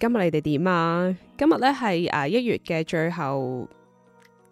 今日你哋點啊？今日咧，係誒一月嘅最後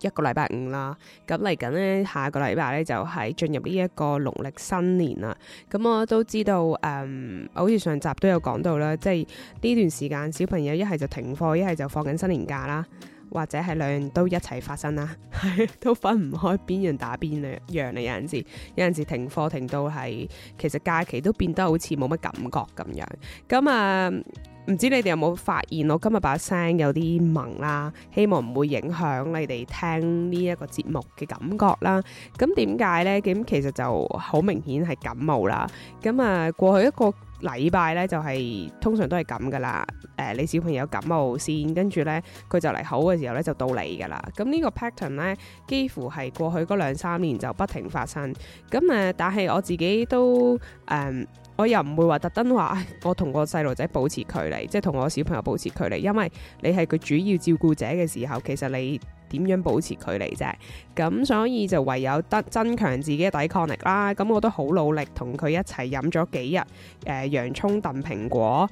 一個禮拜五啦。咁嚟緊咧，下個禮拜咧就係、是、進入呢一個農曆新年啦。咁、嗯、我都知道誒，嗯、好似上集都有講到啦，即係呢段時間小朋友一係就停課，一係就放緊新年假啦，或者係兩樣都一齊發生啦， 都分唔開邊樣打邊樣。有陣時有陣時停課停到係其實假期都變得好似冇乜感覺咁樣。咁、嗯、啊～、嗯唔知道你哋有冇發現我今日把聲有啲矇啦，希望唔會影響你哋聽呢一個節目嘅感覺啦。咁點解呢？咁其實就好明顯係感冒啦。咁啊，過去一個禮拜咧就係、是、通常都係咁噶啦，誒、呃、你小朋友感冒先，跟住咧佢就嚟好嘅時候咧就到你噶啦。咁、嗯這個、呢個 pattern 咧幾乎係過去嗰兩三年就不停發生。咁、嗯、誒，但係我自己都誒、呃，我又唔會話特登話我同個細路仔保持距離，即係同我小朋友保持距離，因為你係佢主要照顧者嘅時候，其實你。點樣保持距離啫？咁所以就唯有得增強自己嘅抵抗力啦。咁我都好努力同佢一齊飲咗幾日誒、呃，洋葱燉蘋果，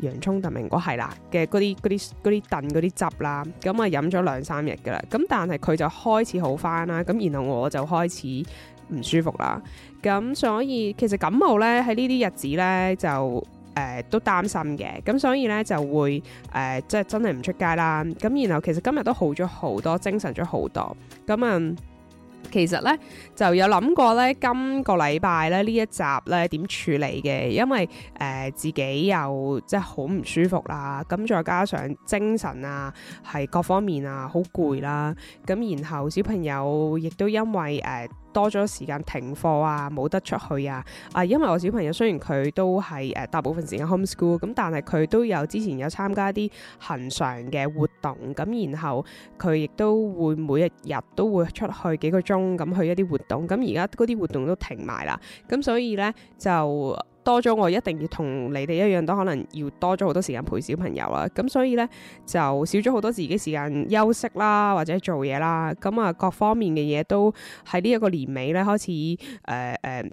洋葱燉蘋果係啦嘅嗰啲嗰啲嗰啲燉啲汁啦。咁啊飲咗兩三日㗎啦。咁但係佢就開始好翻好返啦。咁然後我就開始唔舒服啦。咁所以其實感冒咧喺呢啲日子咧就。誒、呃，都擔心嘅，咁所以咧就會誒、呃，即係真係唔出街啦。咁然後其實今日都好咗好多，精神咗好多。咁啊，其實咧就有諗過咧，今個禮拜咧呢一集咧點處理嘅，因為誒、呃、自己又即係好唔舒服啦，咁再加上精神啊，係各方面啊好攰啦。咁然後小朋友亦都因為誒。呃多咗時間停課啊，冇得出去啊！啊，因為我小朋友雖然佢都係誒大部分時間 homeschool 咁，但係佢都有之前有參加啲恆常嘅活動，咁然後佢亦都會每日日都會出去幾個鐘咁去一啲活動，咁而家嗰啲活動都停埋啦，咁所以呢，就。多咗我一定要同你哋一樣，都可能要多咗好多時間陪小朋友啦。咁所以呢，就少咗好多自己時間休息啦，或者做嘢啦。咁啊，各方面嘅嘢都喺呢一個年尾呢開始誒誒。呃呃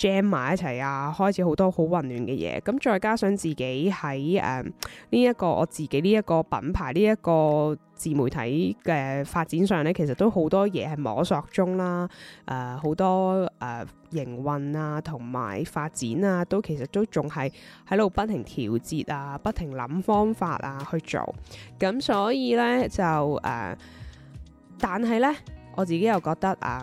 jam 埋一齊啊！開始好多好混亂嘅嘢，咁再加上自己喺誒呢一個我自己呢一個品牌呢一個自媒體嘅發展上呢，其實都好多嘢係摸索中啦，誒、呃、好多誒、呃、營運啊同埋發展啊，都其實都仲係喺度不停調節啊，不停諗方法啊去做，咁所以呢，就誒、呃，但係呢，我自己又覺得誒。呃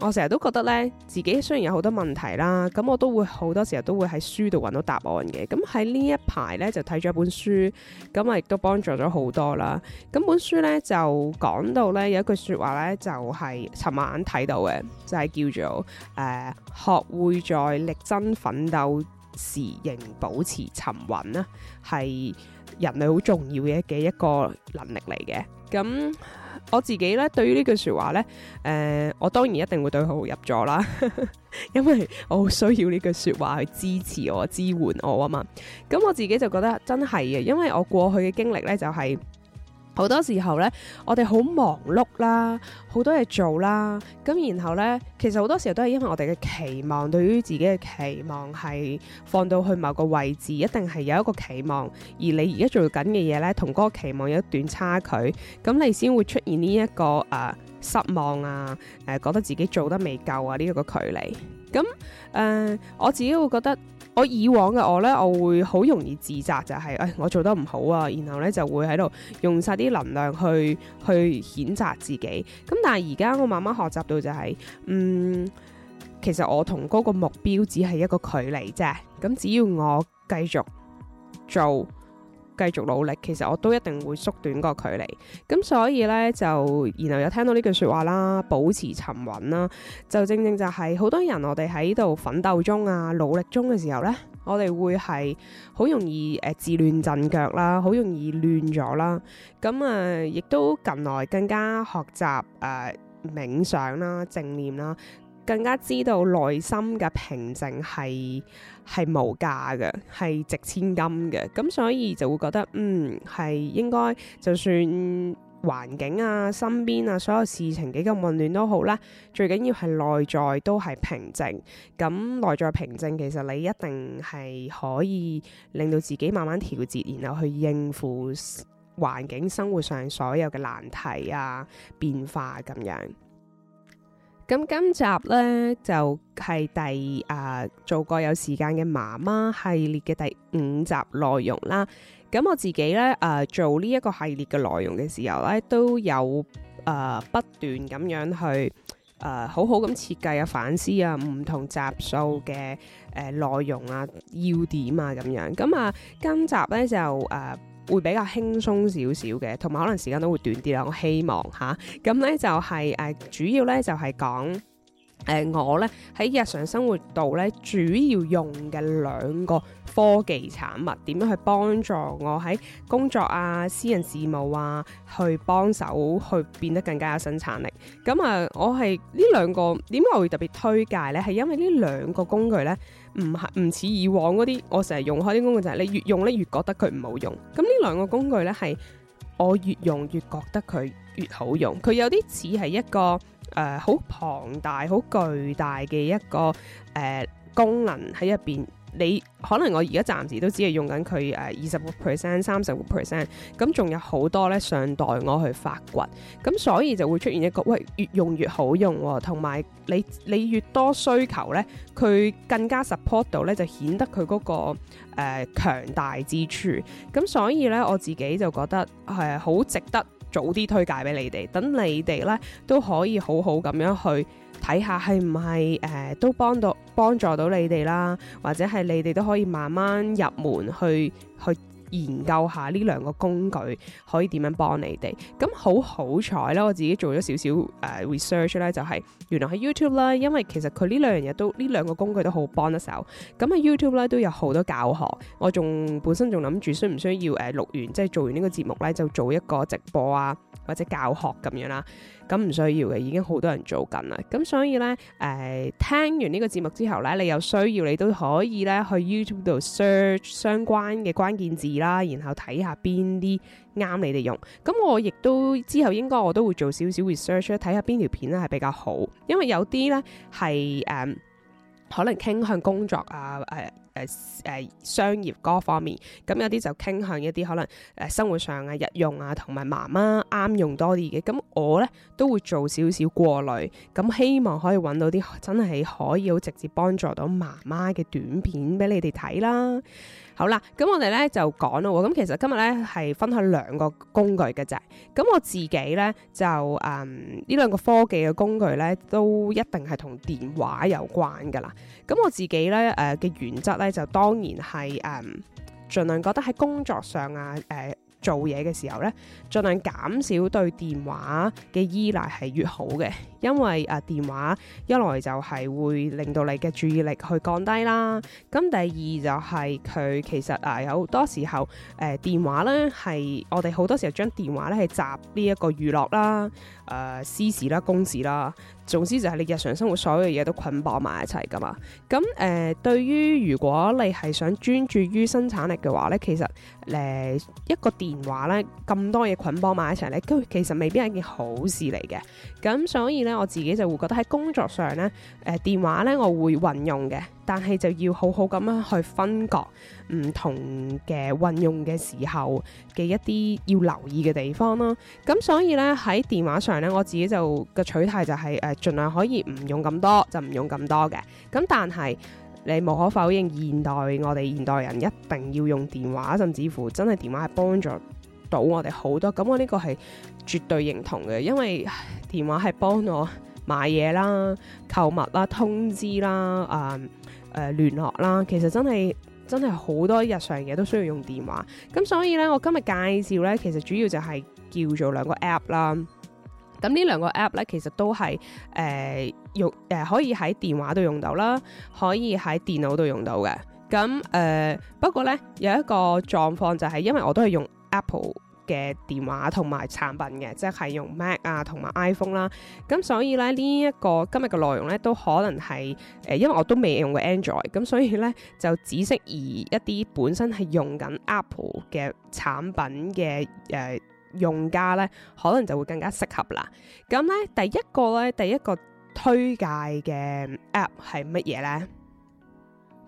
我成日都覺得咧，自己雖然有好多問題啦，咁我都會好多時候都會喺書度揾到答案嘅。咁喺呢一排咧就睇咗一本書，咁啊亦都幫助咗好多啦。咁本書咧就講到咧有一句說話咧就係尋晚睇到嘅，就係、是就是、叫做誒、呃，學會在力爭奮鬥時仍保持沉穩啦，係人類好重要嘅嘅一個能力嚟嘅。咁。我自己咧，對於呢句説話咧，誒、呃，我當然一定會對號入座啦， 因為我好需要呢句説話去支持我、支援我啊嘛。咁我自己就覺得真係嘅，因為我過去嘅經歷咧就係。好多時候呢，我哋好忙碌啦，好多嘢做啦，咁然後呢，其實好多時候都係因為我哋嘅期望，對於自己嘅期望係放到去某個位置，一定係有一個期望，而你而家做緊嘅嘢呢，同嗰個期望有一段差距，咁你先會出現呢、這、一個誒、呃、失望啊，誒、呃、覺得自己做得未夠啊呢一、這個距離，咁誒、呃、我自己會覺得。我以往嘅我呢，我會好容易自責、就是，就係誒我做得唔好啊，然後呢就會喺度用晒啲能量去去譴責自己。咁但係而家我慢慢學習到就係、是，嗯，其實我同嗰個目標只係一個距離啫。咁只要我繼續做。繼續努力，其實我都一定會縮短個距離。咁所以呢，就然後有聽到呢句說話啦，保持沉穩啦。就正正就係、是、好多人，我哋喺度奮鬥中啊，努力中嘅時候呢，我哋會係好容易誒、呃、自亂陣腳啦，好容易亂咗啦。咁啊，亦、呃、都近來更加學習誒、呃、冥想啦、啊、正念啦、啊。更加知道內心嘅平靜係係無價嘅，係值千金嘅。咁所以就會覺得，嗯，係應該就算環境啊、身邊啊、所有事情幾咁混亂都好啦，最緊要係內在都係平靜。咁內在平靜，其實你一定係可以令到自己慢慢調節，然後去應付環境、生活上所有嘅難題啊、變化咁樣。咁今集呢就係、是、第啊、呃、做個有時間嘅媽媽系列嘅第五集內容啦。咁我自己呢，啊、呃、做呢一個系列嘅內容嘅時候呢，都有啊、呃、不斷咁樣去啊、呃、好好咁設計啊、反思啊、唔同集數嘅誒內容啊要點啊咁樣。咁啊、呃、今集呢就啊。呃會比較輕鬆少少嘅，同埋可能時間都會短啲啦。我希望吓，咁呢就係、是、誒、呃，主要呢，就係講誒，我呢喺日常生活度呢，主要用嘅兩個科技產物，點樣去幫助我喺工作啊、私人事務啊，去幫手去變得更加有生產力。咁啊、呃，我係呢兩個點解我會特別推介呢，係因為呢兩個工具呢。唔係唔似以往嗰啲，我成日用開啲工具就係你越用咧越覺得佢唔好用。咁呢兩個工具咧，係我越用越覺得佢越好用，佢有啲似係一個誒好、呃、龐大、好巨大嘅一個誒、呃、功能喺入邊。你可能我而家暫時都只係用緊佢誒二十個 percent、三十個 percent，咁仲有好多咧上代我去發掘，咁所以就會出現一個，喂越用越好用、哦，同埋你你越多需求咧，佢更加 support 到咧，就顯得佢嗰、那個誒、呃、強大之處，咁所以咧我自己就覺得係好值得。早啲推介俾你哋，等你哋咧都可以好好咁樣去睇下是是，係唔係？誒都幫到幫助到你哋啦，或者係你哋都可以慢慢入門去去。研究下呢兩個工具可以點樣幫你哋？咁好好彩啦，我自己做咗少少誒、呃、research 咧，就係、是、原來喺 YouTube 啦，因為其實佢呢兩樣嘢都呢兩個工具都好幫得手。咁喺 YouTube 咧都有好多教學，我仲本身仲諗住需唔需要誒、呃、錄完即係、就是、做完呢個節目咧就做一個直播啊，或者教學咁樣啦。咁唔需要嘅，已經好多人做緊啦。咁所以呢，誒、呃、聽完呢個節目之後呢，你有需要你都可以呢去 YouTube 度 search 相關嘅關鍵字啦，然後睇下邊啲啱你哋用。咁我亦都之後應該我都會做少少 research，睇下邊條片咧係比較好，因為有啲呢係誒、呃、可能傾向工作啊誒。呃誒誒，商業嗰方面，咁有啲就傾向一啲可能誒，生活上啊、日用啊，同埋媽媽啱用多啲嘅。咁我呢，都會做少少過濾，咁希望可以搵到啲真係可以好直接幫助到媽媽嘅短片俾你哋睇啦。好啦，咁我哋咧就講咯，咁其實今日咧係分享兩個工具嘅就，咁我自己咧就誒呢兩個科技嘅工具咧都一定係同電話有關噶啦，咁我自己咧誒嘅原則咧就當然係誒盡量覺得喺工作上啊誒。呃做嘢嘅時候呢，儘量減少對電話嘅依賴係越好嘅，因為啊電話一來就係會令到你嘅注意力去降低啦。咁、啊、第二就係佢其實啊有好多時候誒、呃、電話呢，係我哋好多時候將電話呢係集呢一個娛樂啦、誒、啊、私事啦、公事啦。啊總之就係你日常生活所有嘅嘢都捆綁埋一齊噶嘛，咁誒、呃、對於如果你係想專注於生產力嘅話咧，其實誒、呃、一個電話咧咁多嘢捆綁埋一齊咧，佢其實未必係一件好事嚟嘅。咁所以咧我自己就會覺得喺工作上咧，誒、呃、電話咧我會運用嘅，但係就要好好咁樣去分割。唔同嘅運用嘅時候嘅一啲要留意嘅地方啦，咁所以呢，喺電話上呢，我自己就嘅取態就係、是、誒，儘、呃、量可以唔用咁多，就唔用咁多嘅。咁但係你無可否認，現代我哋現代人一定要用電話，甚至乎真係電話係幫助到我哋好多。咁我呢個係絕對認同嘅，因為電話係幫我買嘢啦、購物啦、通知啦、啊、呃、誒、呃、聯絡啦，其實真係。真係好多日常嘢都需要用電話，咁所以呢，我今日介紹呢，其實主要就係叫做兩個 app 啦。咁呢兩個 app 呢，其實都係誒、呃、用誒、呃、可以喺電話度用到啦，可以喺電腦度用到嘅。咁誒、呃、不過呢，有一個狀況就係，因為我都係用 Apple。嘅電話同埋產品嘅，即係用 Mac 啊，同埋 iPhone 啦、啊。咁所以咧，呢、這、一個今日嘅內容咧，都可能係誒、呃，因為我都未用過 Android，咁所以咧就只適宜一啲本身係用緊 Apple 嘅產品嘅誒、呃、用家咧，可能就會更加適合啦。咁咧，第一個咧，第一個推介嘅 App 係乜嘢咧？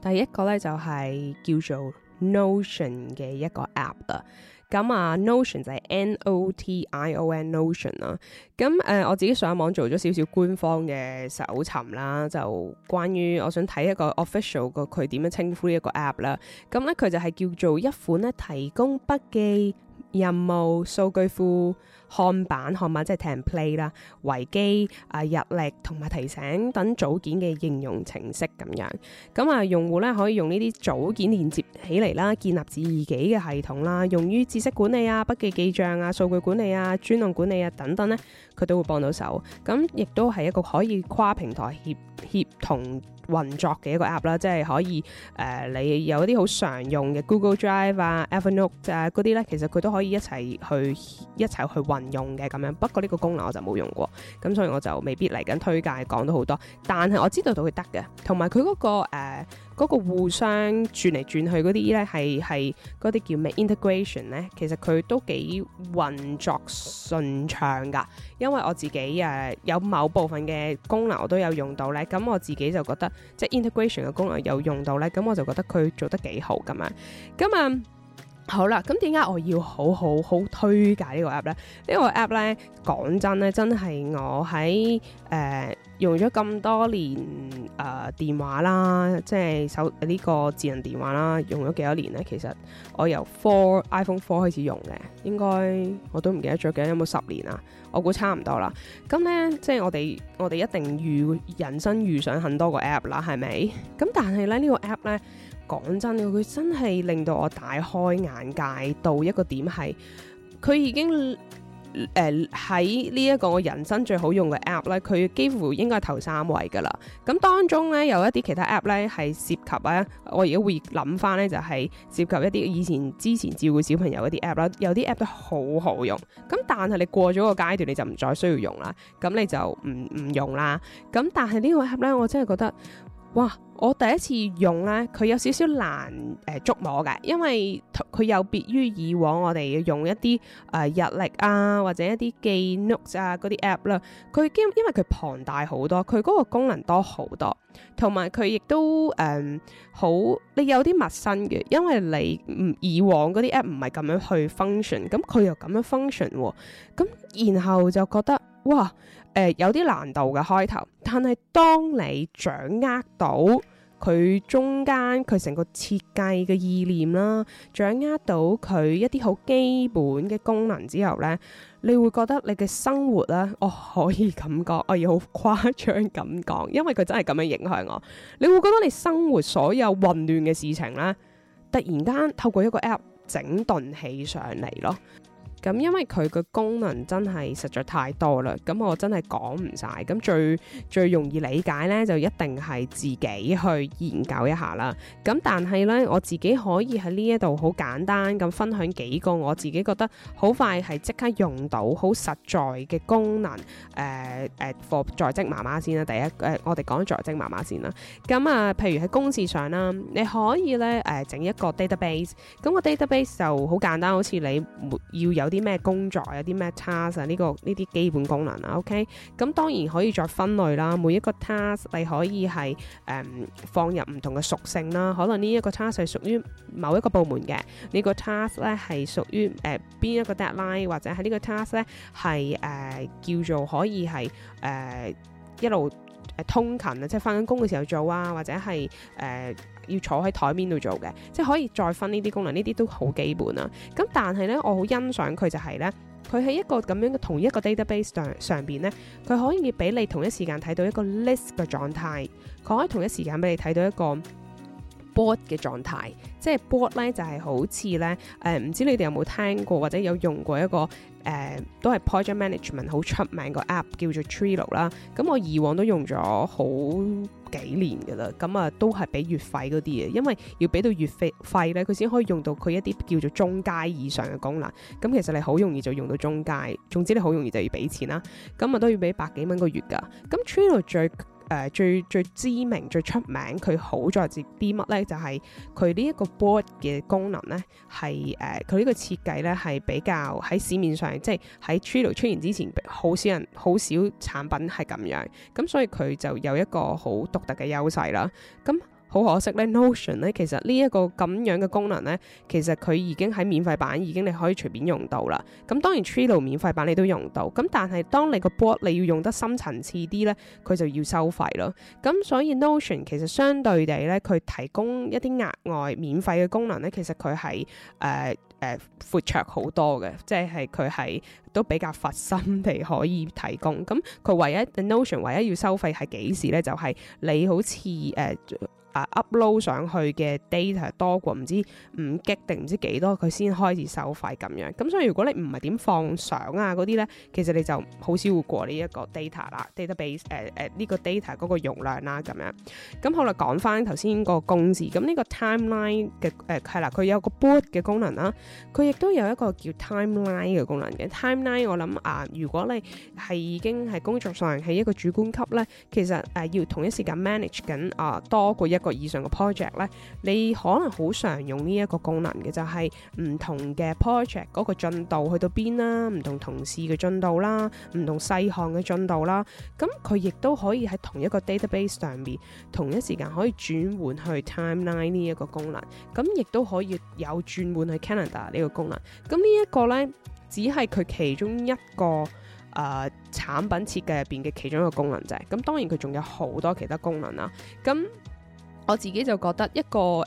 第一個咧就係、是、叫做 Notion 嘅一個 App 啦。咁啊，Notion 就係 N O T I O N Notion 啦。咁誒、呃，我自己上網做咗少少官方嘅搜尋啦，就關於我想睇一個 official 個佢點樣稱呼呢一個 app 啦。咁咧，佢就係叫做一款咧提供筆記，任務、數據庫、看板、項目，即係 template 啦，維基、啊日曆同埋提醒等組件嘅應用程式咁樣，咁啊用戶咧可以用呢啲組件連接起嚟啦，建立自己嘅系統啦，用於知識管理啊、筆記記帳啊、數據管理啊、專案管理啊等等咧。佢都會幫到手，咁亦都係一個可以跨平台協協同運作嘅一個 app 啦，即係可以誒、呃，你有啲好常用嘅 Google Drive 啊、Evernote 啊嗰啲咧，其實佢都可以一齊去一齊去運用嘅咁樣。不過呢個功能我就冇用過，咁所以我就未必嚟緊推介講到好多。但係我知道到佢得嘅，同埋佢嗰個誒、呃嗰個、互相轉嚟轉去嗰啲咧，係係嗰啲叫咩 integration 咧？其實佢都幾運作順暢噶。因為我自己誒、呃、有某部分嘅功能我都有用到咧，咁我自己就覺得即係 integration 嘅功能有用到咧，咁我就覺得佢做得幾好咁啊，咁啊。呃好啦，咁點解我要好好好推介呢個 app 呢？呢、呢個 app 呢，講真呢，真係我喺誒、呃、用咗咁多年啊、呃、電話啦，即係手呢、呢個智能電話啦，用咗幾多年呢？其實我由 Four iPhone Four 開始用嘅，應該我都唔記得咗幾多，有冇十年啊？我估差唔多啦。咁呢，即係我哋我哋一定遇人生遇上很多個 app 啦，係咪？咁但係呢，呢、呢個 app 呢。講真，佢真係令到我大開眼界到一個點係，佢已經誒喺呢一個我人生最好用嘅 app 咧，佢幾乎應該係頭三位噶啦。咁當中咧有一啲其他 app 咧係涉及咧，我而家會諗翻咧就係涉及一啲以前之前照顧小朋友嗰啲 app 啦，有啲 app 都好好用。咁但係你過咗個階段你就唔再需要用啦，咁你就唔唔用啦。咁但係呢個 app 咧，我真係覺得。哇！我第一次用咧，佢有少少難誒捉摸嘅，因為佢有別於以往我哋用一啲誒、呃、日曆啊或者一啲記 note 啊嗰啲 app 啦，佢、啊、因為佢龐大好多，佢嗰個功能多好多，同埋佢亦都誒、呃、好你有啲陌生嘅，因為你唔以往嗰啲 app 唔係咁樣去 function，咁佢又咁樣 function 喎、啊，咁然後就覺得哇！誒、呃、有啲難度嘅開頭，但係當你掌握到佢中間佢成個設計嘅意念啦，掌握到佢一啲好基本嘅功能之後呢，你會覺得你嘅生活呢，我、哦、可以咁講，我要好誇張咁講，因為佢真係咁樣影響我。你會覺得你生活所有混亂嘅事情呢，突然間透過一個 App 整頓起上嚟咯。咁因為佢嘅功能真係實在太多啦，咁我真係講唔曬。咁最最容易理解咧，就一定係自己去研究一下啦。咁但係咧，我自己可以喺呢一度好簡單咁分享幾個我自己覺得好快係即刻用到好實在嘅功能。誒誒 for 在職媽媽先啦，第一誒、呃、我哋講在職媽媽先啦。咁啊，譬如喺公司上啦，你可以咧誒整一個 database。咁個 database 就好簡單好似你沒要有啲。啲咩工作有啲咩 task 呢個呢啲基本功能啊 OK 咁當然可以再分類啦。每一個 task 你可以係誒、嗯、放入唔同嘅屬性啦。可能呢一個 task 係屬於某一個部門嘅，呢、呢個 task 咧係屬於誒邊一個 deadline，或者喺呢個 task 咧係誒叫做可以係誒、呃、一路誒通勤啊，即係返緊工嘅時候做啊，或者係誒。呃要坐喺台面度做嘅，即係可以再分呢啲功能，呢啲都好基本啊。咁但係呢，我好欣賞佢就係呢，佢喺一個咁樣嘅同一個 database 上上邊呢，佢可以俾你同一時間睇到一個 list 嘅狀態，佢可以同一時間俾你睇到一個 board 嘅狀態。即係 board 呢，就係好似呢，誒，唔知你哋有冇聽過或者有用過一個？誒、嗯、都係 project management，好出名個 app 叫做 Trello 啦，咁我以往都用咗好幾年噶啦，咁啊都係俾月費嗰啲嘢，因為要俾到月費費咧，佢先可以用到佢一啲叫做中階以上嘅功能。咁其實你好容易就用到中階，總之你好容易就要俾錢啦，咁啊都要俾百幾蚊個月㗎。咁 Trello 最誒、呃、最最知名最出名，佢好在接啲乜咧？就係佢呢一個 board 嘅功能咧，係誒佢呢個設計咧係比較喺市面上，即係喺 Trello 出現之前，好少人好少產品係咁樣，咁所以佢就有一個好獨特嘅優勢啦。咁好可惜咧，Notion 咧，其實呢一個咁樣嘅功能咧，其實佢已經喺免費版已經你可以隨便用到啦。咁當然 Trello 免費版你都用到，咁但係當你個 board 你要用得深層次啲咧，佢就要收費咯。咁所以 Notion 其實相對地咧，佢提供一啲額外免費嘅功能咧，其實佢係誒誒闊綽好多嘅，即係係佢係都比較佛心地可以提供。咁佢唯一 Notion 唯一要收費係幾時咧？就係、是、你好似誒。呃 upload、啊、上，上去嘅 data 多過唔知五吉定唔知幾多，佢先開始收費咁樣。咁所以如果你唔係點放相啊啲咧，其實你就好少會過呢一個 data 啦，database 誒誒呢個 data 嗰個容量啦咁樣，咁好、啊、啦，講翻頭先個公字咁呢個 timeline 嘅誒係啦，佢有個 board 嘅功能啦，佢亦都有一個叫 timeline 嘅功能嘅。timeline 我諗啊，如果你係已經係工作上係一個主管級咧，其實誒、啊、要同一時間 manage 緊啊多過一個以上嘅 project 咧，你可能好常用呢一個功能嘅，就係唔同嘅 project 嗰個進度去到邊啦，唔同同事嘅進度啦，唔同細項嘅進度啦，咁佢亦都可以喺同一個 database 上面，同一時間可以轉換去 timeline 呢一個功能，咁亦都可以有轉換去 calendar 呢個功能，咁呢一個咧，只係佢其中一個誒產品設計入邊嘅其中一個功能就係，咁當然佢仲有好多其他功能啦，咁。我自己就覺得一個誒，佢、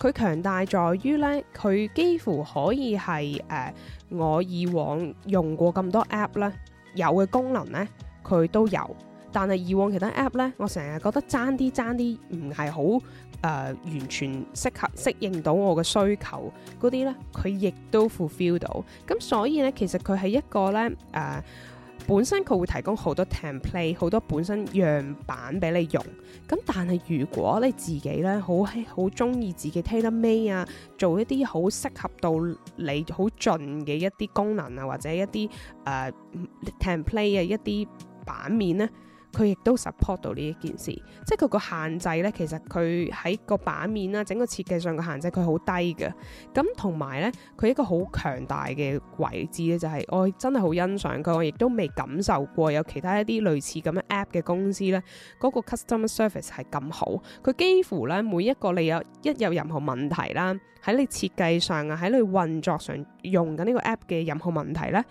呃、強大在於呢，佢幾乎可以係誒、呃、我以往用過咁多 app 呢、呃，有嘅功能呢，佢都有。但係以往其他 app 呢，我成日覺得爭啲爭啲唔係好誒完全適合適應到我嘅需求嗰啲呢，佢亦都 fulfill 到。咁、嗯、所以呢，其實佢係一個呢。誒、呃。本身佢會提供好多 template，好多本身樣板俾你用。咁但係如果你自己咧，好希好中意自己 theme a 啊，做一啲好適合到你好盡嘅一啲功能啊，或者一啲誒 template 嘅一啲版面咧。佢亦都 support 到呢一件事，即係佢個限制呢。其實佢喺個版面啦，整個設計上嘅限制佢好低嘅。咁同埋呢，佢一個好強大嘅位置呢，就係我真係好欣賞佢，我亦都未感受過有其他一啲類似咁樣嘅 app 嘅公司呢。嗰個 customer service 係咁好。佢幾乎呢，每一個你有一有任何問題啦，喺你設計上啊，喺你運作上用緊呢個 app 嘅任何問題呢。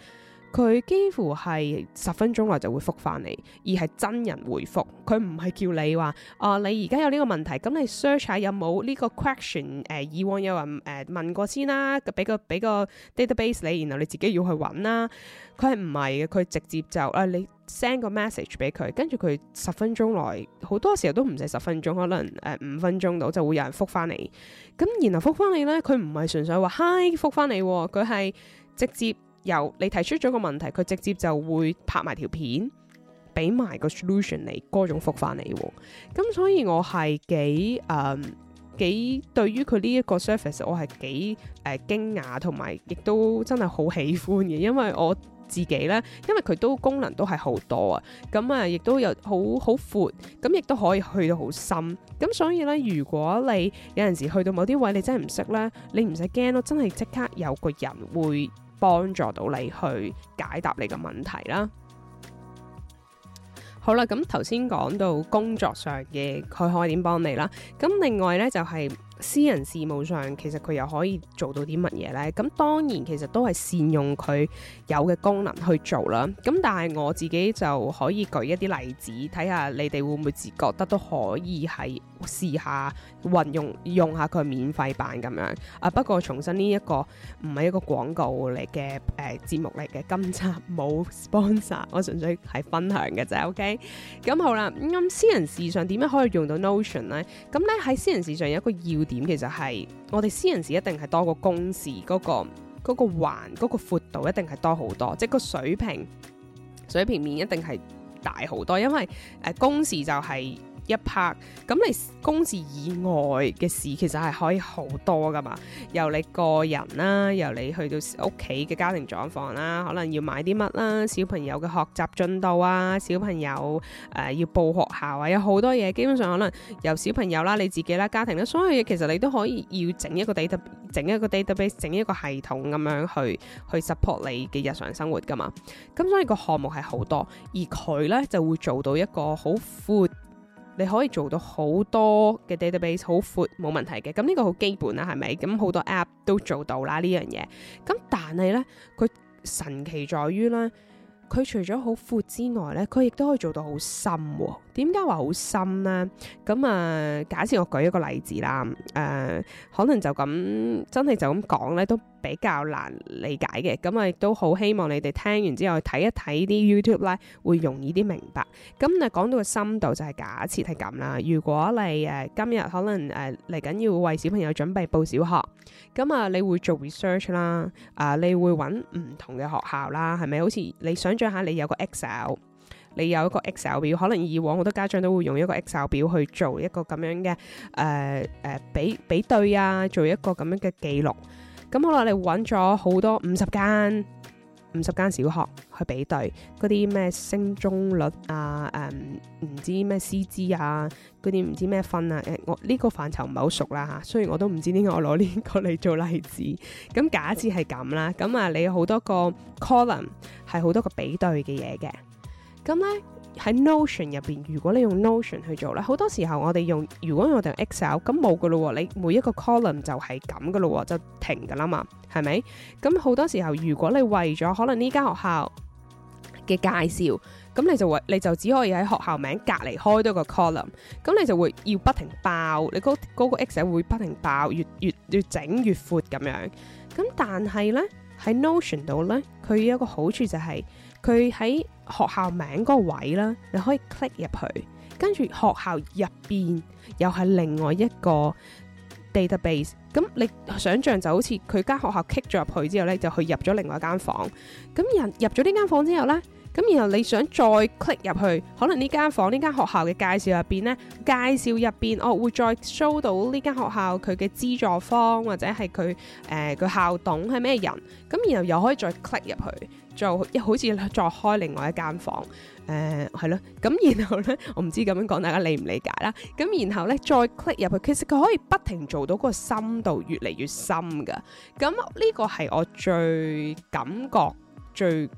佢幾乎係十分鐘內就會覆返你，而係真人回覆。佢唔係叫你話啊、哦，你而家有呢個問題，咁你 search 下有冇呢個 question？誒、呃、以往有人誒問過先啦，俾個俾個 database 你，然後你自己要去揾啦。佢係唔係嘅？佢直接就啊、呃，你 send 個 message 俾佢，跟住佢十分鐘內好多時候都唔使十分鐘，可能誒、呃、五分鐘到就會有人覆返你。咁然後覆返你咧，佢唔係純粹話 hi 覆返你，佢係直接。有你提出咗個問題，佢直接就會拍埋條片，俾埋個 solution 嚟，嗰種複翻嚟。咁、嗯、所以我係幾誒幾對於佢呢一個 service，我係幾誒驚訝同埋，亦都真係好喜歡嘅。因為我自己呢，因為佢都功能都係好多啊，咁、嗯、啊、亦、嗯、都有好好闊，咁亦都可以去到好深。咁、嗯、所以呢，如果你有陣時去到某啲位你，你真係唔識咧，你唔使驚咯，真係即刻有個人會。幫助到你去解答你嘅問題啦。好啦，咁頭先講到工作上嘅佢可以點幫你啦。咁另外咧就係、是。私人事務上，其實佢又可以做到啲乜嘢呢？咁當然，其實都係善用佢有嘅功能去做啦。咁但係我自己就可以舉一啲例子，睇下你哋會唔會自覺得都可以係試下運用用,用下佢免費版咁樣。啊，不過重申呢、這個、一個唔係一個廣告嚟嘅誒節目嚟嘅，今集冇 sponsor，我純粹係分享嘅啫。OK，咁好啦。咁、嗯、私人事務上點樣可以用到 Notion 呢？咁呢喺私人事務上有一個要。點，其實係我哋私人事一定係多過公事嗰、那個嗰、那個環嗰、那個闊度一定係多好多，即係個水平水平面一定係大好多，因為誒公事就係、是。一拍咁，你公事以外嘅事其實係可以好多㗎嘛。由你個人啦，由你去到屋企嘅家庭狀況啦，可能要買啲乜啦，小朋友嘅學習進度啊，小朋友誒、呃、要報學校啊，有好多嘢。基本上可能由小朋友啦、你自己啦、家庭啦，所有嘢其實你都可以要整一個 data，整一個 database，整一個系統咁樣去去 support 你嘅日常生活㗎嘛。咁所以個項目係好多，而佢呢就會做到一個好闊。你可以做到好多嘅 database，好闊，冇問題嘅。咁呢個好基本啦，係咪？咁好多 app 都做到啦呢樣嘢。咁但係呢，佢神奇在於呢，佢除咗好闊之外呢，佢亦都可以做到好深喎。點解話好深呢？咁啊，假設我舉一個例子啦，誒、呃，可能就咁，真係就咁講呢，都。比較難理解嘅，咁我亦都好希望你哋聽完之後睇一睇啲 YouTube 啦，會容易啲明白。咁啊，講到個深度就係、是、假設係咁啦。如果你誒、呃、今日可能誒嚟緊要為小朋友準備報小學，咁啊你會做 research 啦、呃，啊你會揾唔同嘅學校啦，係咪？好似你想象下，你有個 Excel，你有一個 Excel 表，可能以往好多家長都會用一個 Excel 表去做一個咁樣嘅誒誒比比對啊，做一個咁樣嘅記錄。咁好啦，你揾咗好多五十間五十間小學去比對嗰啲咩升中率啊，誒、嗯、唔知咩師資啊，嗰啲唔知咩分啊，誒我呢、這個範疇唔係好熟啦嚇、啊，雖然我都唔知點解我攞呢個嚟做例子，咁、啊、假設係咁啦，咁啊你好多個 column 係好多個比對嘅嘢嘅，咁咧。喺 Notion 入邊，如果你用 Notion 去做咧，好多時候我哋用，如果我哋用 Excel，咁冇噶咯，你每一個 column 就係咁噶咯，就停噶啦嘛，係咪？咁好多時候，如果你為咗可能呢間學校嘅介紹，咁你就為，你就只可以喺學校名隔籬開多個 column，咁你就會要不停爆，你嗰、那、嗰個 Excel、那個，會不停爆，越越越整越闊咁樣。咁但係咧喺 Notion 度咧，佢有一個好處就係、是。佢喺學校名嗰個位啦，你可以 click 入去，跟住學校入邊又係另外一個 database。咁你想象就好似佢間學校 click 咗入去之後呢，就去入咗另外一間房間。咁人入咗呢間房間之後呢。咁然後你想再 click 入去，可能呢間房呢間學校嘅介紹入邊呢，介紹入邊我會再 show 到呢間學校佢嘅資助方或者係佢誒佢校董係咩人，咁然後又可以再 click 入去，又好似再開另外一間房，誒係咯，咁然後呢，我唔知咁樣講大家理唔理解啦，咁然後呢，再 click 入去，其實佢可以不停做到嗰個深度越嚟越深嘅，咁，呢個係我最感覺最，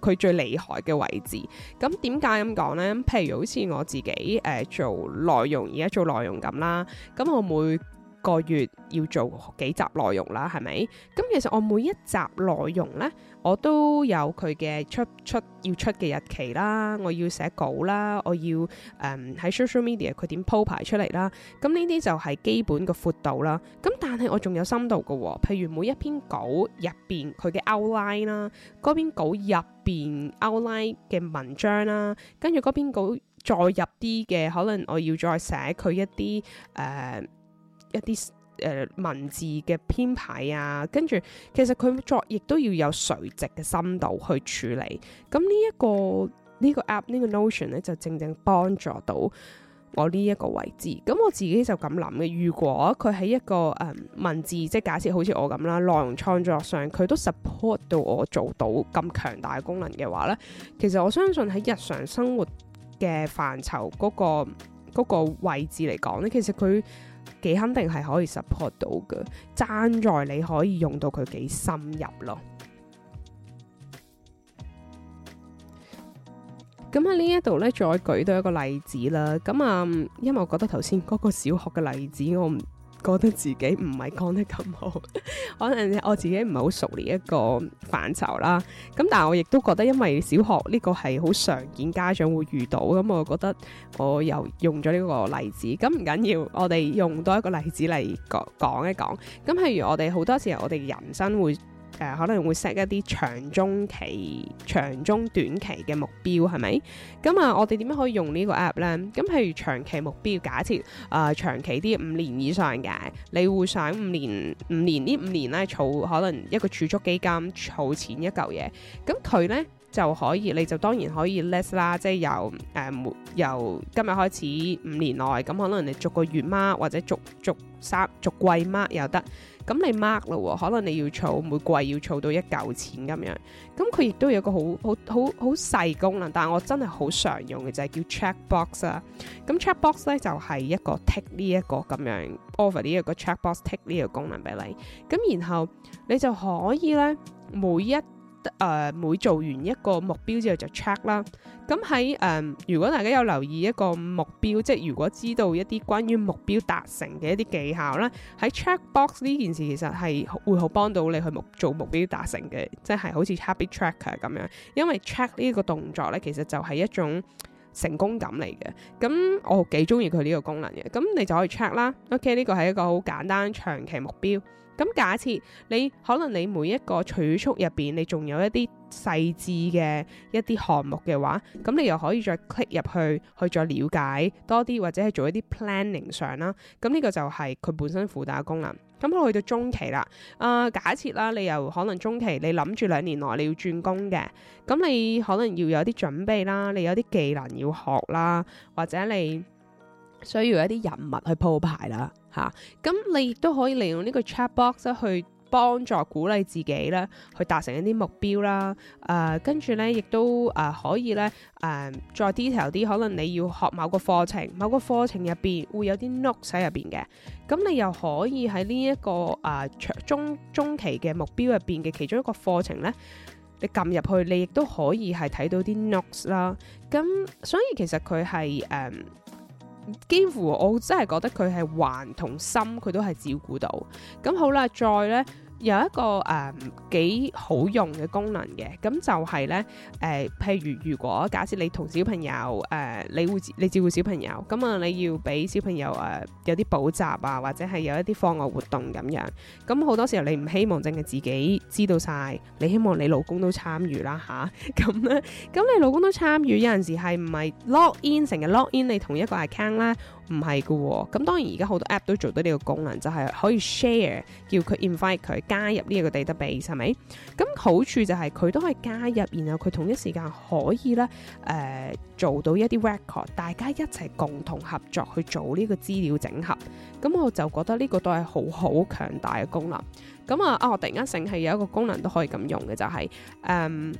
佢最厲害嘅位置，咁點解咁講呢？譬如好似我自己誒、呃、做內容而家做內容咁啦，咁我每個月要做幾集內容啦，係咪？咁其實我每一集內容呢，我都有佢嘅出出要出嘅日期啦。我要寫稿啦，我要誒喺 social media 佢點鋪排出嚟啦。咁呢啲就係基本嘅闊度啦。咁但係我仲有深度嘅、哦，譬如每一篇稿入邊佢嘅 outline 啦，嗰篇稿入邊 outline 嘅文章啦，跟住嗰篇稿再入啲嘅，可能我要再寫佢一啲誒。呃一啲誒、呃、文字嘅編排啊，跟住其實佢作亦都要有垂直嘅深度去處理。咁呢一個呢、呢個 App 個呢個 Notion 咧，就正正幫助到我呢一個位置。咁我自己就咁諗嘅。如果佢喺一個誒、呃、文字，即係假設好似我咁啦，內容創作上佢都 support 到我做到咁強大嘅功能嘅話咧，其實我相信喺日常生活嘅範疇嗰、嗰個嗰個位置嚟講咧，其實佢，幾肯定係可以 support 到嘅，爭在你可以用到佢幾深入咯。咁喺呢一度咧，再舉到一個例子啦。咁啊，嗯，因為我覺得頭先嗰個小學嘅例子我唔。覺得自己唔係講得咁好，可 能我自己唔係好熟呢一個範疇啦。咁但係我亦都覺得，因為小學呢個係好常見家長會遇到，咁我覺得我又用咗呢個例子。咁唔緊要，我哋用多一個例子嚟講一講。咁譬如我哋好多時候，我哋人生會。誒、呃、可能會 set 一啲長中期、長中短期嘅目標係咪？咁啊，我哋點樣可以用呢個 app 呢？咁譬如長期目標，假設誒、呃、長期啲五年以上嘅，你會想五年五年，五年呢五年咧，儲可能一個儲蓄基金，儲錢一嚿嘢。咁佢呢就可以，你就當然可以 less 啦，即係由誒、呃、由今日開始五年內，咁可能你逐個月 mark，或者逐逐三逐季 mark 又得。咁你 mark 咯，可能你要儲，每季要儲到一嚿錢咁樣。咁佢亦都有個好好好好細功能，但係我真係好常用嘅就係、是、叫 check box 啊。咁 check box 咧就係、是、一個 tick 呢一個咁樣，offer 呢、這、一個 check box tick 呢個功能俾你。咁然後你就可以咧每一。誒、呃，每做完一個目標之後就 check 啦。咁喺誒，如果大家有留意一個目標，即係如果知道一啲關於目標達成嘅一啲技巧啦，喺 check box 呢件事其實係會好幫到你去目做目標達成嘅，即係好似 habit tracker 咁樣。因為 check 呢個動作咧，其實就係一種成功感嚟嘅。咁我幾中意佢呢個功能嘅。咁你就可以 check 啦。OK，呢個係一個好簡單長期目標。咁假設你可能你每一個儲蓄入邊，你仲有一啲細緻嘅一啲項目嘅話，咁你又可以再 click 入去去再了解多啲，或者係做一啲 planning 上啦。咁呢個就係佢本身附帶嘅功能。咁我去到中期啦，啊、呃，假設啦，你又可能中期你諗住兩年內你要轉工嘅，咁你可能要有啲準備啦，你有啲技能要學啦，或者你需要一啲人物去鋪排啦。啊，咁你亦都可以利用呢個 chat box 去幫助鼓勵自己啦，去達成一啲目標啦。誒、呃，跟住咧，亦都誒、呃、可以咧，誒、呃、再 detail 啲，可能你要學某個課程，某個課程入邊會有啲 notes 喺入邊嘅。咁你又可以喺呢一個誒長、呃、中中期嘅目標入邊嘅其中一個課程咧，你撳入去，你亦都可以係睇到啲 notes 啦。咁所以其實佢係誒。呃幾乎我真係覺得佢係環同心，佢都係照顧到。咁好啦，再呢。有一個誒幾、呃、好用嘅功能嘅，咁就係呢。誒、呃，譬如如果假設你同小朋友誒、呃，你會你照顧小朋友，咁、嗯、啊你要俾小朋友誒、呃、有啲補習啊，或者係有一啲課外活動咁樣，咁、嗯、好多時候你唔希望淨係自己知道晒，你希望你老公都參與啦吓，咁、啊、咧，咁、 嗯、你老公都參與，有陣時係唔係 log in 成日 log in 你同一個 account 啦？唔係嘅喎，咁當然而家好多 app 都做到呢個功能，就係、是、可以 share，叫佢 invite 佢加入呢一個 database，係咪？咁好處就係佢都可以加入，然後佢同一時間可以咧誒、呃、做到一啲 record，大家一齊共同合作去做呢個資料整合。咁我就覺得呢個都係好好強大嘅功能。咁啊，我、啊、突然間醒起有一個功能都可以咁用嘅，就係、是、誒。嗯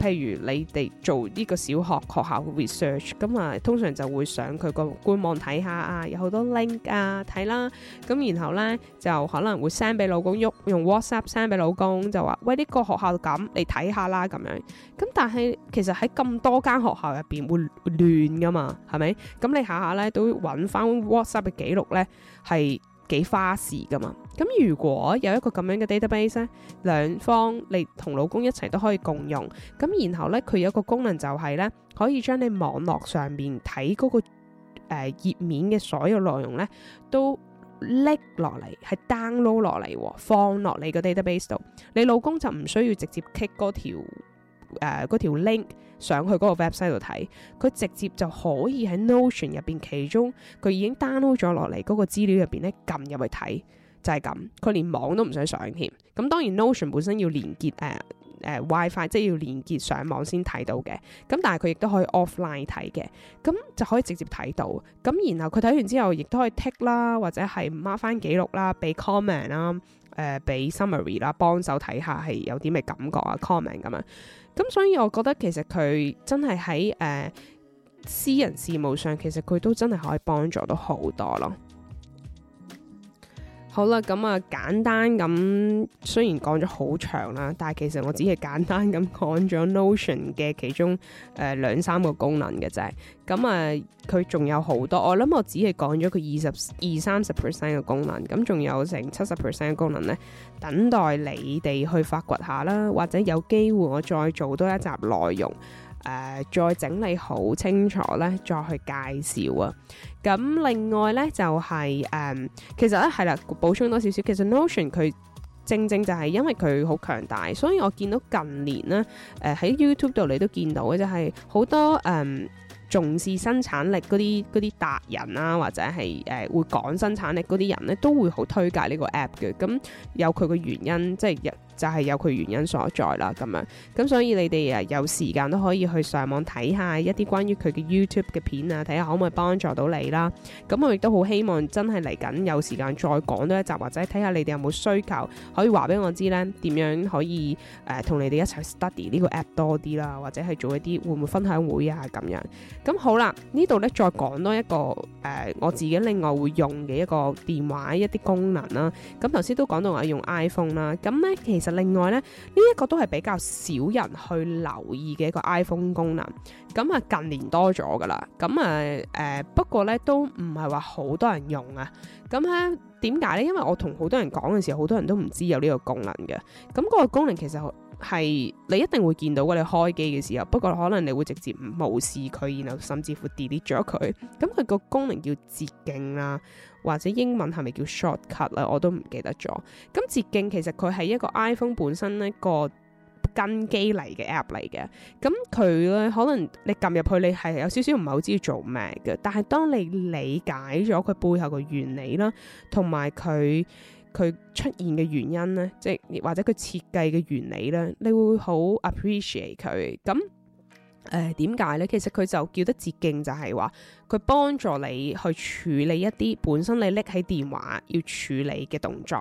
譬如你哋做呢個小學學校嘅 research，咁啊通常就會上佢個官網睇下啊，有好多 link 啊睇啦，咁然後咧就可能會 send 俾老公喐，用 WhatsApp send 俾老公就話喂呢個學校咁，你睇下啦咁樣。咁但係其實喺咁多間學校入邊會亂噶嘛，係咪？咁你下下咧都揾翻 WhatsApp 嘅記錄咧係。幾花時噶嘛？咁如果有一個咁樣嘅 database 咧，兩方你同老公一齊都可以共用。咁然後咧，佢有一個功能就係咧，可以將你網絡上面睇嗰個誒頁面嘅所有內容咧，都拎落嚟，係 download 落嚟，放落你個 database 度。你老公就唔需要直接 kick 嗰條。誒嗰、呃、條 link 上去嗰個 website 度睇，佢直接就可以喺 Notion 入邊，其中佢已經 download 咗落嚟嗰個資料入邊咧，撳入去睇就係、是、咁。佢連網都唔想上添。咁當然 Notion 本身要連結誒誒、呃呃、WiFi，即係要連結上網先睇到嘅。咁但係佢亦都可以 offline 睇嘅，咁就可以直接睇到。咁然後佢睇完之後，亦都可以 tick 啦，或者係 mark 翻記錄啦，俾 comment 啦，誒俾 summary 啦，幫手睇下係有啲咩感覺啊 comment 咁樣。咁所以，我覺得其實佢真係喺誒私人事務上，其實佢都真係可以幫助到好多咯。好啦，咁、嗯、啊，簡單咁，雖然講咗好長啦，但係其實我只係簡單咁講咗 Notion 嘅其中誒、呃、兩三個功能嘅啫。咁、嗯、啊，佢仲有好多，我諗我只係講咗佢二十二三十 percent 嘅功能，咁仲有成七十 percent 嘅功能咧，等待你哋去發掘下啦，或者有機會我再做多一集內容。誒、uh，再整理好清楚咧，再去介紹啊。咁另外咧就係、是、誒、嗯，其實咧係啦，補充多少少。其實 Notion 佢正正就係因為佢好強大，所以我見到近年咧，誒、呃、喺 YouTube 度你都見到嘅就係好多誒、嗯、重視生產力嗰啲嗰啲達人啦、啊，或者係誒、呃、會講生產力嗰啲人咧，都會好推介呢個 App 嘅。咁有佢嘅原因，即、就、係、是就係有佢原因所在啦，咁樣咁所以你哋啊有時間都可以去上網睇下一啲關於佢嘅 YouTube 嘅片啊，睇下可唔可以幫助到你啦。咁我亦都好希望真係嚟緊有時間再講多一集，或者睇下你哋有冇需求可以話俾我知呢點樣可以誒同、呃、你哋一齊 study 呢個 app 多啲啦，或者係做一啲會唔會分享會啊咁樣。咁好啦，呢度呢，再講多一個誒、呃，我自己另外會用嘅一個電話一啲功能啦。咁頭先都講到話用 iPhone 啦，咁呢，其實。另外咧，呢一個都係比較少人去留意嘅一個 iPhone 功能，咁啊近年多咗噶啦，咁啊誒，不過咧都唔係話好多人用啊，咁咧點解咧？因為我同好多人講嘅時候，好多人都唔知有呢個功能嘅，咁嗰個功能其實。係你一定會見到嘅，你開機嘅時候，不過可能你會直接無視佢，然後甚至乎 delete 咗佢。咁佢個功能叫捷徑啦，或者英文係咪叫 shortcut 啊？我都唔記得咗。咁、嗯、捷徑其實佢係一個 iPhone 本身呢一個跟機嚟嘅 app 嚟嘅。咁佢咧可能你撳入去，你係有少少唔係好知做咩嘅。但係當你理解咗佢背後嘅原理啦，同埋佢。佢出現嘅原因呢，即係或者佢設計嘅原理呢，你會好 appreciate 佢。咁誒，點解呢？其實佢就叫得捷徑，就係話佢幫助你去處理一啲本身你拎起電話要處理嘅動作。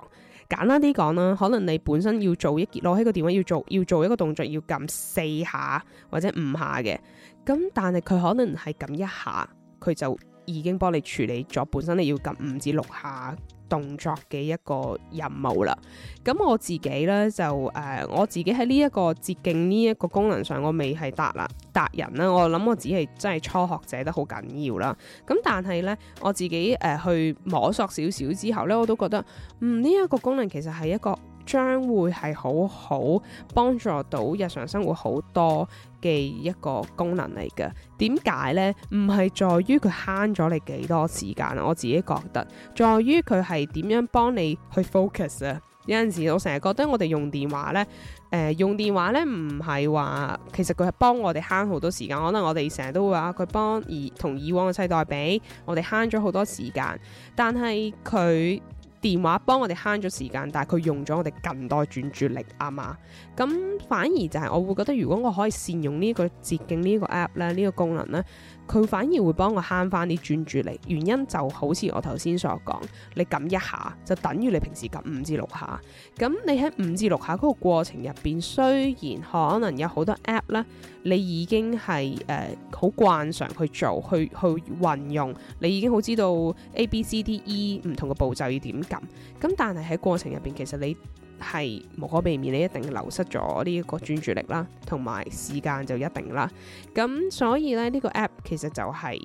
簡單啲講啦，可能你本身要做一攞起個電話要做要做一個動作要撳四下或者五下嘅，咁但係佢可能係撳一下，佢就已經幫你處理咗本身你要撳五至六下。動作嘅一個任務啦，咁我自己呢，就誒、呃，我自己喺呢一個捷徑呢一個功能上，我未係達啦達人啦，我諗我自己係真係初學者得好緊要啦。咁但係呢，我自己誒、呃、去摸索少少之後呢，我都覺得嗯呢一個功能其實係一個將會係好好幫助到日常生活好多。嘅一個功能嚟㗎，點解呢？唔係在於佢慳咗你幾多時間，我自己覺得，在於佢係點樣幫你去 focus 啊！ 有陣時我成日覺得我哋用電話呢，誒、呃，用電話呢唔係話其實佢係幫我哋慳好多時間，可能我哋成日都會話佢幫以同以往嘅世代比，我哋慳咗好多時間，但係佢。電話幫我哋慳咗時間，但係佢用咗我哋更多專注力啊嘛，咁反而就係、是、我會覺得，如果我可以善用呢一個捷徑呢個 app 咧，呢個功能咧。佢反而會幫我慳翻啲專注力，原因就好似我頭先所講，你撳一下就等於你平時撳五至六下。咁你喺五至六下嗰個過程入邊，雖然可能有好多 app 咧，你已經係誒好慣常去做，去去運用，你已經好知道 A、B、C、D、E 唔同嘅步驟要點撳。咁但係喺過程入邊，其實你。係無可避免，你一定流失咗呢一個專注力啦，同埋時間就一定啦。咁所以咧，呢個 app 其實就係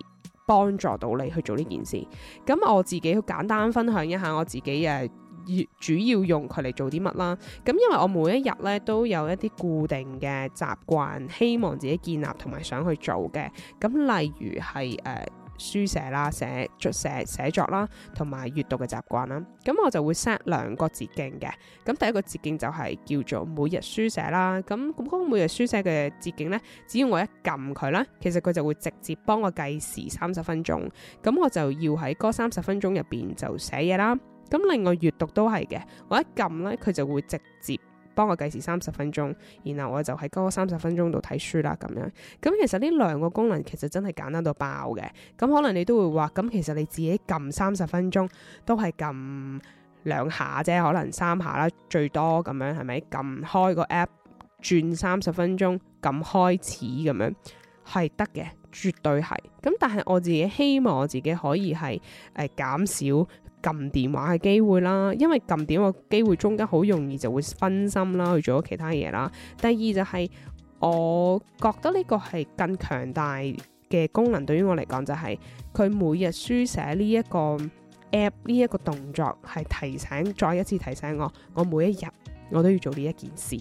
幫助到你去做呢件事。咁我自己簡單分享一下，我自己誒、呃，主要用佢嚟做啲乜啦。咁因為我每一日咧都有一啲固定嘅習慣，希望自己建立同埋想去做嘅。咁例如係誒。呃書寫啦，寫寫作啦，同埋閱讀嘅習慣啦，咁我就會 set 兩個捷徑嘅。咁第一個捷徑就係叫做每日書寫啦。咁咁個每日書寫嘅捷徑呢，只要我一撳佢啦,其實佢就會直接幫我計時三十分鐘。咁我就要喺嗰三十分鐘入邊就寫嘢啦。咁另外閱讀都係嘅，我一撳呢，佢就會直接。幫我計時三十分鐘，然後我就喺嗰三十分鐘度睇書啦，咁樣。咁其實呢兩個功能其實真係簡單到爆嘅。咁可能你都會話，咁其實你自己撳三十分鐘都係撳兩下啫，可能三下啦，最多咁樣，係咪？撳開個 App，轉三十分鐘，撳開始咁樣係得嘅。絕對係，咁但係我自己希望我自己可以係誒減少撳電話嘅機會啦，因為撳電話機會中間好容易就會分心啦，去做其他嘢啦。第二就係、是、我覺得呢個係更強大嘅功能，對於我嚟講就係、是、佢每日書寫呢一個 App 呢一個動作係提醒，再一次提醒我，我每一日我都要做呢一件事。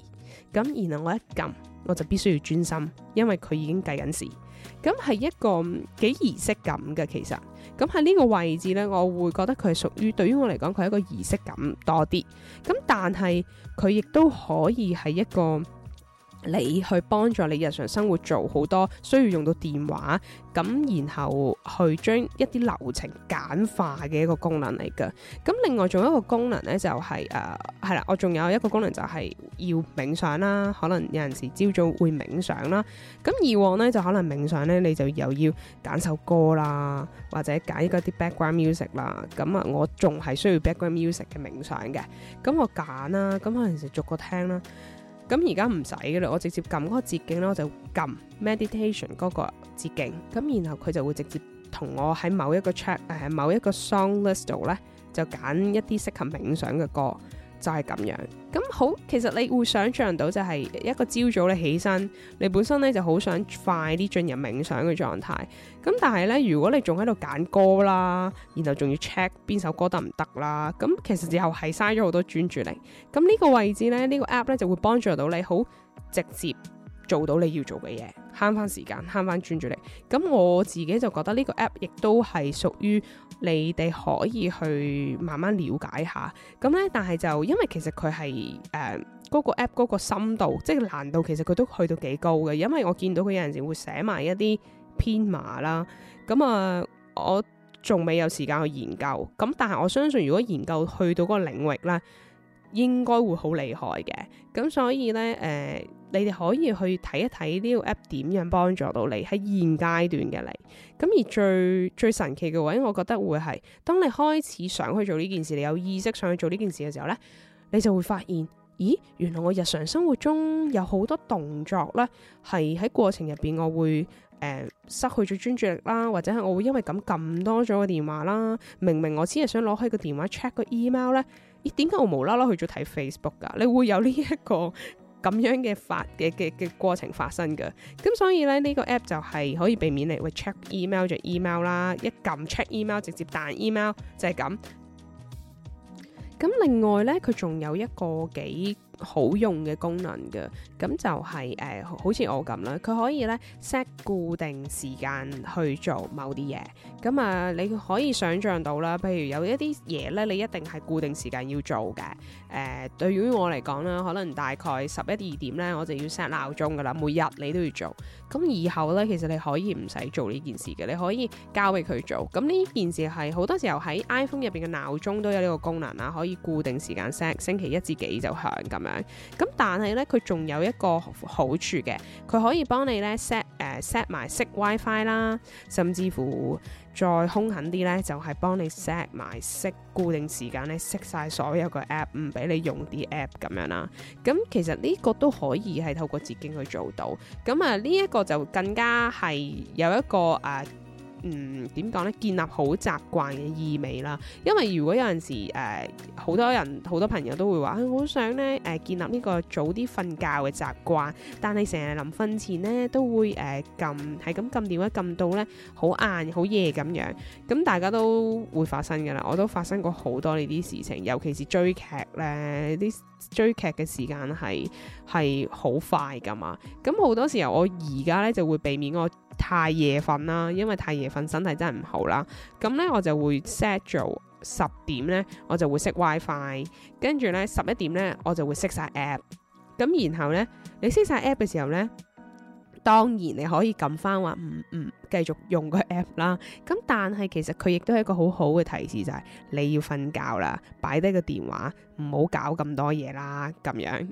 咁然後我一撳，我就必須要專心，因為佢已經計緊時。咁係一個幾儀式感嘅，其實，咁喺呢個位置呢，我會覺得佢係屬於對於我嚟講，佢係一個儀式感多啲，咁但係佢亦都可以係一個。你去幫助你日常生活做好多需要用到電話，咁然後去將一啲流程簡化嘅一個功能嚟㗎。咁另外仲有一個功能呢，就係誒係啦。我仲有一個功能就係要冥想啦，可能有陣時朝早會冥想啦。咁以往呢，就可能冥想呢，你就又要揀首歌啦，或者揀嗰啲 background music 啦。咁啊，我仲係需要 background music 嘅冥想嘅。咁我揀啦，咁可能時逐個聽啦。咁而家唔使噶啦，我直接撳嗰個捷徑咧，我就撳 meditation 嗰個捷徑，咁然後佢就會直接同我喺某一個 track 誒、啊、某一個 song list 度呢，就揀一啲適合冥想嘅歌。就係咁樣，咁好，其實你會想象到就係一個朝早你起身，你本身咧就好想快啲進入冥想嘅狀態，咁但係咧如果你仲喺度揀歌啦，然後仲要 check 邊首歌得唔得啦，咁其實之後係嘥咗好多專注力，咁呢個位置咧，呢個 app 咧就會幫助到你好直接。做到你要做嘅嘢，慳翻時間，慳翻專注力。咁我自己就覺得呢個 app 亦都係屬於你哋可以去慢慢了解下。咁咧，但係就因為其實佢係誒嗰個 app 嗰個深度，即係難度，其實佢都去到幾高嘅。因為我見到佢有陣時會寫埋一啲編碼啦。咁啊、呃，我仲未有時間去研究。咁但係我相信，如果研究去到嗰個領域咧，應該會好厲害嘅。咁所以咧，誒、呃。你哋可以去睇一睇呢個 app 點樣幫助到你喺現階段嘅你，咁而最最神奇嘅位，我覺得會係當你開始想去做呢件事，你有意識想去做呢件事嘅時候呢，你就會發現，咦，原來我日常生活中有好多動作咧，係喺過程入邊我會誒失去咗專注力啦，或者係我會因為咁撳多咗個電話啦，明明我只係想攞開個電話 check 個 email 呢。咦，點解我無啦啦去咗睇 Facebook 噶？你會有呢一個？咁樣嘅發嘅嘅嘅過程發生嘅，咁所以咧呢，呢個 app 就係可以避免你會 check email 就 email 啦，一撳 check email 直接彈 email 就係咁。咁另外咧，佢仲有一個幾好用嘅功能嘅，咁就係、是、誒、呃、好似我咁啦，佢可以咧 set 固定時間去做某啲嘢，咁啊、呃、你可以想象到啦，譬如有一啲嘢咧，你一定係固定時間要做嘅，誒、呃、對於我嚟講啦，可能大概十一二點咧，我就要 set 鬧鐘噶啦，每日你都要做，咁以後咧其實你可以唔使做呢件事嘅，你可以交俾佢做，咁呢件事係好多時候喺 iPhone 入邊嘅鬧鐘都有呢個功能啦，可以固定時間 set，星期一至幾就響咁樣。咁但係咧，佢仲有一個好處嘅，佢可以幫你咧 set 誒 set 埋熄 WiFi 啦，呃、Fi，甚至乎再凶狠啲咧，就係幫你 set 埋熄固定時間咧熄晒所有個 app，唔俾你用啲 app 咁樣啦。咁、嗯、其實呢個都可以係透過捷徑，去做到。咁、嗯、啊，呢、呃、一、這個就更加係有一個啊。呃嗯，點講咧？建立好習慣嘅意味啦。因為如果有陣時，誒、呃，好多人好多朋友都會話，好、啊、想咧，誒、呃，建立呢個早啲瞓覺嘅習慣。但係成日臨瞓前咧，都會誒撳，係咁撳電話撳到咧，好晏、好夜咁樣。咁大家都會發生㗎啦。我都發生過好多呢啲事情，尤其是追劇咧，啲追劇嘅時間係係好快㗎嘛。咁好多時候我，我而家咧就會避免我太夜瞓啦，因為太夜瞓身體真係唔好啦。咁咧我就會 set 咗十點咧，我就會熄 WiFi，跟住咧十一點咧我就會熄晒 app。咁然後咧你熄晒 app 嘅時候咧，當然你可以撳翻話唔唔繼續用個 app 啦。咁但係其實佢亦都係一個好好嘅提示就係，是，你要瞓覺啦，擺低個電話，唔好搞咁多嘢啦，咁樣。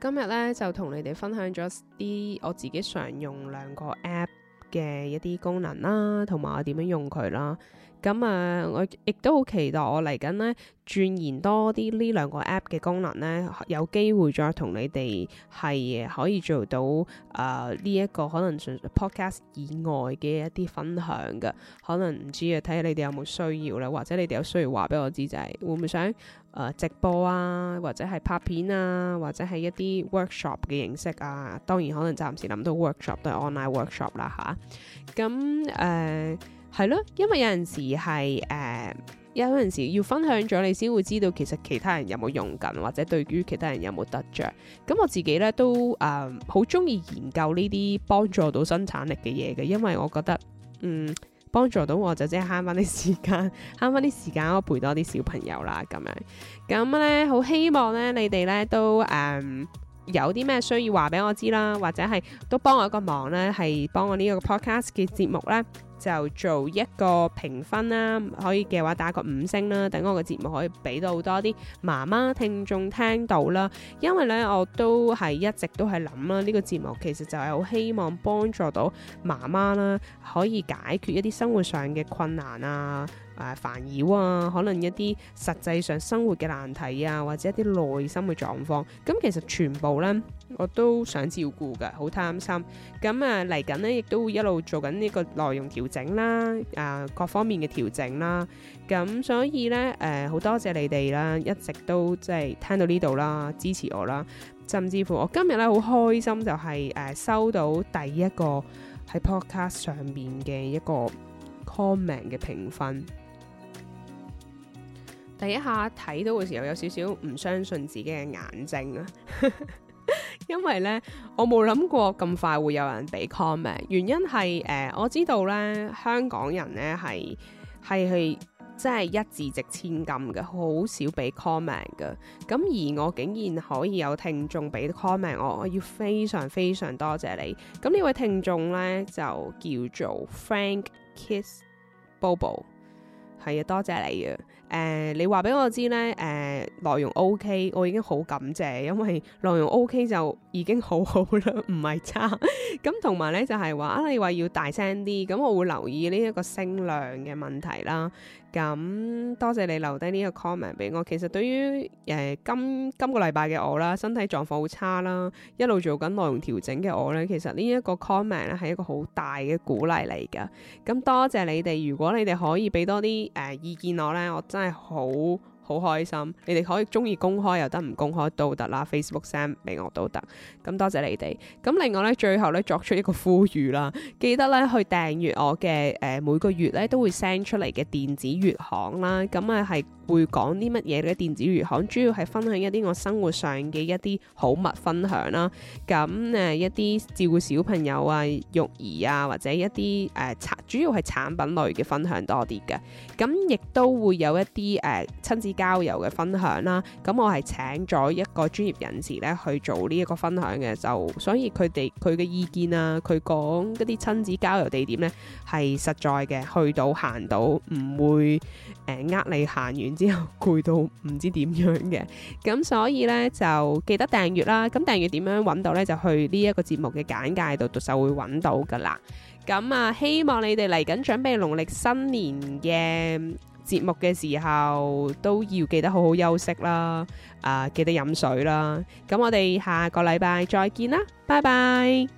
今日咧就同你哋分享咗啲我自己常用兩個 app 嘅一啲功能啦，同埋我點樣用佢啦。咁啊，我亦都好期待我嚟緊咧，鑽研多啲呢兩個 app 嘅功能咧，有機會再同你哋係可以做到啊呢一個可能純 podcast 以外嘅一啲分享㗎。可能唔知啊，睇下你哋有冇需要啦，或者你哋有需要話俾我知就係、是、會唔會想？誒、呃、直播啊，或者係拍片啊，或者係一啲 workshop 嘅形式啊，當然可能暫時諗到 workshop 都係 online workshop 啦吓，咁誒係咯，因為有陣時係誒、呃、有陣時要分享咗，你先會知道其實其他人有冇用緊，或者對於其他人有冇得着。咁、嗯、我自己咧都誒好鍾意研究呢啲幫助到生產力嘅嘢嘅，因為我覺得嗯。幫助到我，就即係慳翻啲時間，慳翻啲時間，我陪多啲小朋友啦，咁樣。咁咧，好希望咧，你哋咧都誒、呃、有啲咩需要話俾我知啦，或者係都幫我一個忙咧，係幫我呢個 podcast 嘅節目咧。就做一個評分啦，可以嘅話打個五星啦，等我個節目可以俾到多啲媽媽聽眾聽到啦。因為咧，我都係一直都係諗啦，呢個節目其實就係好希望幫助到媽媽啦，可以解決一啲生活上嘅困難啊。啊，煩擾啊，可能一啲實際上生活嘅難題啊，或者一啲內心嘅狀況，咁其實全部咧我都想照顧嘅，好貪心。咁啊，嚟緊咧亦都會一路做緊呢個內容調整啦，啊，各方面嘅調整啦。咁所以咧，誒好多謝你哋啦，一直都即係、就係、聽到呢度啦，支持我啦。甚至乎我今日咧好開心、就係，就係誒收到第一個喺 Podcast 上面嘅一個 comment 嘅評分。第一下睇到嘅時候，有少少唔相信自己嘅眼睛啊！ 因為咧，我冇諗過咁快會有人俾 comment。原因係誒、呃，我知道咧，香港人咧係係去真係一字值千金嘅，好少俾 comment 嘅。咁而我竟然可以有聽眾俾 comment，我我要非常非常多謝你。咁呢位聽眾咧就叫做 Frank Kiss Bobo。係啊，多謝你啊！誒、呃，你話俾我知咧，誒、呃，內容 OK，我已經好感謝，因為內容 OK 就已經好好啦，唔係差。咁同埋咧就係話，你話要大聲啲，咁我會留意呢一個聲量嘅問題啦。咁多謝你留低呢一個 comment 俾我。其實對於誒、呃、今今個禮拜嘅我啦，身體狀況好差啦，一路做緊內容調整嘅我咧，其實呢一個 comment 咧係一個好大嘅鼓勵嚟噶。咁多謝你哋，如果你哋可以俾多啲。誒、呃、意見我咧，我真係好～好開心，你哋可以中意公開又得，唔公開都得啦。Facebook send 俾我都得，咁多謝你哋。咁另外咧，最後咧作出一個呼籲啦，記得咧去訂閱我嘅，誒、呃、每個月咧都會 send 出嚟嘅電子月刊啦。咁啊係會講啲乜嘢咧？電子月刊主要係分享一啲我生活上嘅一啲好物分享啦。咁誒、呃、一啲照顧小朋友啊、育兒啊，或者一啲誒產主要係產品類嘅分享多啲嘅。咁亦都會有一啲誒親子。呃郊遊嘅分享啦，咁我係請咗一個專業人士咧去做呢一個分享嘅，就所以佢哋佢嘅意見啦，佢講嗰啲親子郊遊地點咧係實在嘅，去到行到唔會誒呃你行完之後攰，到唔知點樣嘅，咁所以咧就記得訂閱啦，咁訂閱點樣搵到咧就去呢一個節目嘅簡介度就會搵到噶啦，咁啊希望你哋嚟緊準備農曆新年嘅。節目嘅時候都要記得好好休息啦，啊、呃，記得飲水啦。咁我哋下個禮拜再見啦，拜拜。